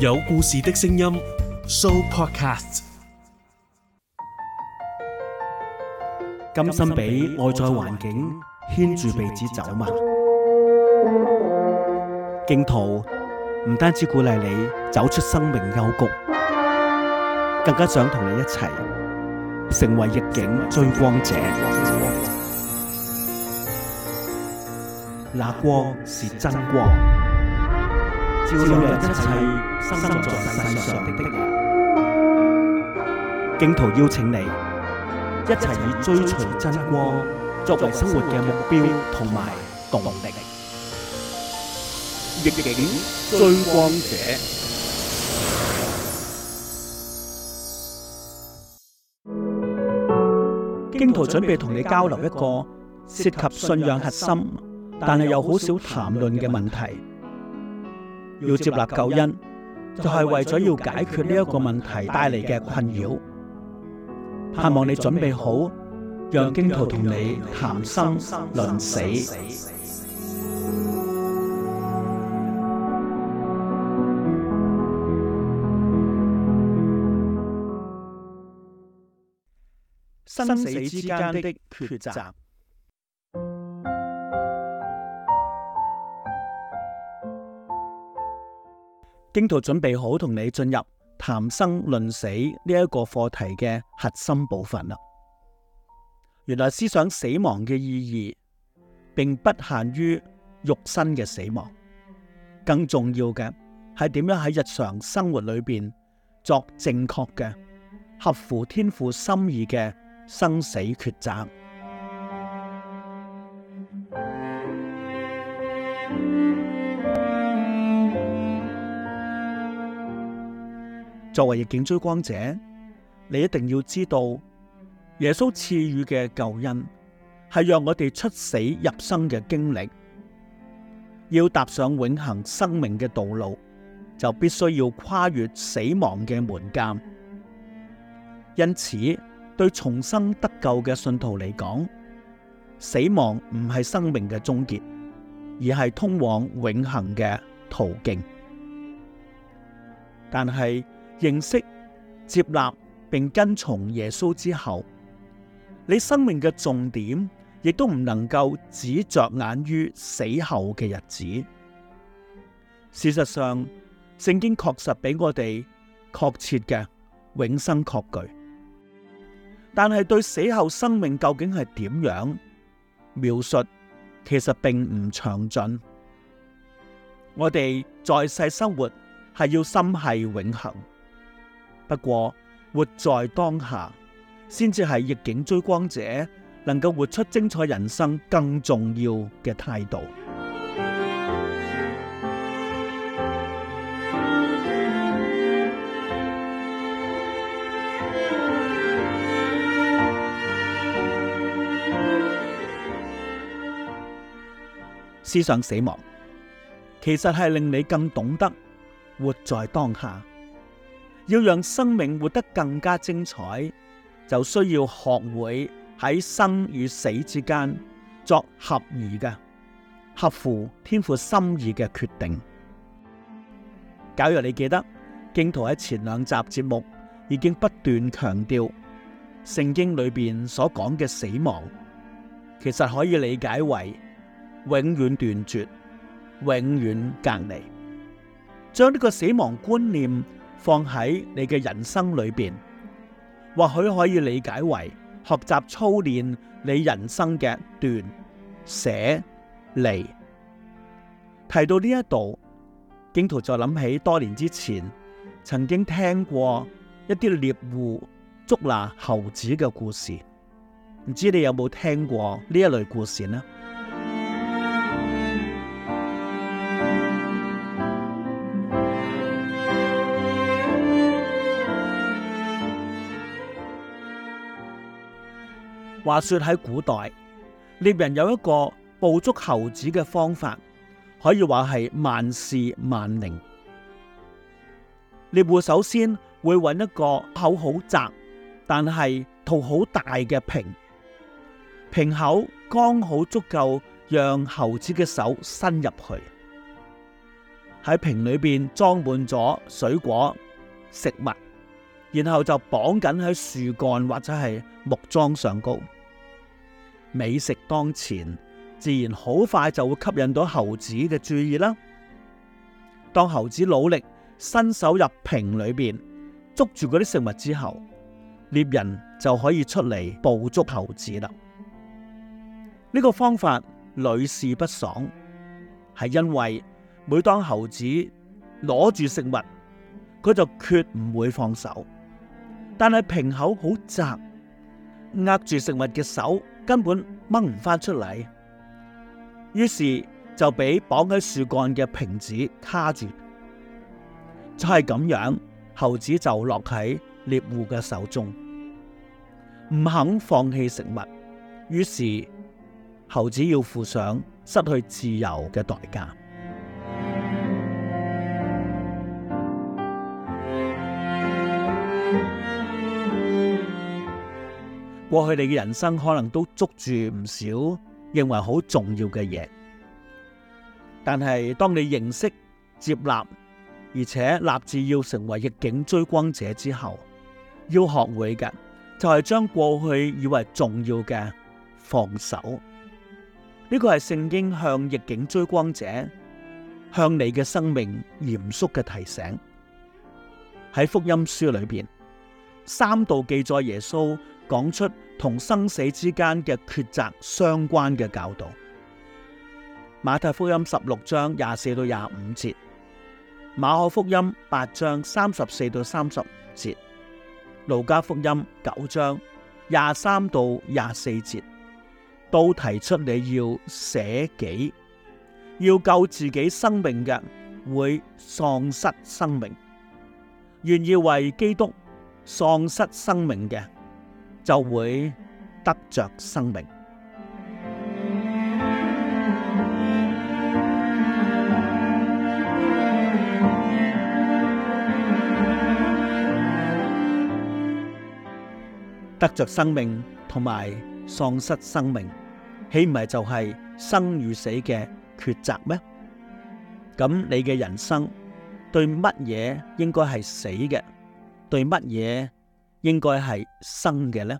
有故事的聲音，Show Podcast。甘心俾外在環境牽住鼻子走嗎？荊徒唔單止鼓勵你走出生命幽谷，更加想同你一齊成為逆境追光者。那光是真光。照亮一切生在世上的人，荊徒邀請你一齊以追隨真光作為生活嘅目標同埋動力。逆境追光者，荊徒準備同你交流一個涉及信仰核心，但係又好少談論嘅問題。要接納救恩，就係為咗要解決呢一個問題帶嚟嘅困擾。盼望你準備好，讓荊徒同你談生論死，生死之間的抉擇。荊徒準備好同你進入談生論死呢一個課題嘅核心部分啦。原來思想死亡嘅意義，並不限於肉身嘅死亡，更重要嘅係點樣喺日常生活裏邊作正確嘅，合乎天父心意嘅生死抉擇。作為逆境追光者，你一定要知道耶穌賜予嘅救恩係讓我哋出死入生嘅經歷。要踏上永恒生命嘅道路，就必須要跨越死亡嘅門檻。因此，對重生得救嘅信徒嚟講，死亡唔係生命嘅終結，而係通往永恒嘅途徑。但係。認識、接納並跟從耶穌之後，你生命嘅重點亦都唔能夠只着眼於死後嘅日子。事實上，聖經確實俾我哋確切嘅永生確據，但係對死後生命究竟係點樣描述，其實並唔詳盡。我哋在世生活係要心繫永恆。不過活在當下，先至係逆境追光者能夠活出精彩人生更重要嘅態度。思想死亡，其實係令你更懂得活在當下。要讓生命活得更加精彩，就需要學會喺生與死之間作合宜嘅，合乎天父心意嘅決定。假如你記得，荊徒喺前兩集節目已經不斷強調，聖經裏邊所講嘅死亡，其實可以理解為永遠斷絕、永遠隔離，將呢個死亡觀念。放喺你嘅人生裏邊，或許可以理解為學習操練你人生嘅斷捨離。提到呢一度，荊徒就諗起多年之前曾經聽過一啲獵戶捉拿猴子嘅故事，唔知你有冇聽過呢一類故事呢？話說喺古代，獵人有一個捕捉猴子嘅方法，可以話係萬試萬靈。獵戶首先會揾一個口好窄但係肚好大嘅瓶，瓶口剛好足夠讓猴子嘅手伸入去。喺瓶裏邊裝滿咗水果食物，然後就綁緊喺樹幹或者係木樁上高。美食當前，自然好快就會吸引到猴子嘅注意啦。當猴子努力伸手入瓶裏邊捉住嗰啲食物之後，獵人就可以出嚟捕捉猴子啦。呢個方法屢試不爽，係因為每當猴子攞住食物，佢就決唔會放手。但係瓶口好窄，握住食物嘅手，根本掹唔翻出嚟，於是就被綁喺樹幹嘅瓶子卡住。就係咁樣，猴子就落喺獵戶嘅手中，唔肯放棄食物，於是猴子要付上失去自由嘅代價。過去你嘅人生可能都捉住唔少認為好重要嘅嘢，但係當你認識接納，而且立志要成為逆境追光者之後，要學會嘅就係將過去以為重要嘅，放手。呢個係聖經向逆境追光者、向你嘅生命嚴肅嘅提醒。喺福音書裏邊，三度記載耶穌。講出同生死之間嘅抉擇相關嘅教導。馬太福音十六章廿四到廿五節，馬可福音八章三十四到三十五節，路加福音九章廿三到廿四節，都提出你要捨己，要救自己生命嘅會喪失生命，願意為基督喪失生命嘅，就會得着生命。得着生命同埋喪失生命，豈唔係就係生與死嘅抉擇咩？咁你嘅人生對乜嘢應該係死嘅，對乜嘢？應該係生嘅咧？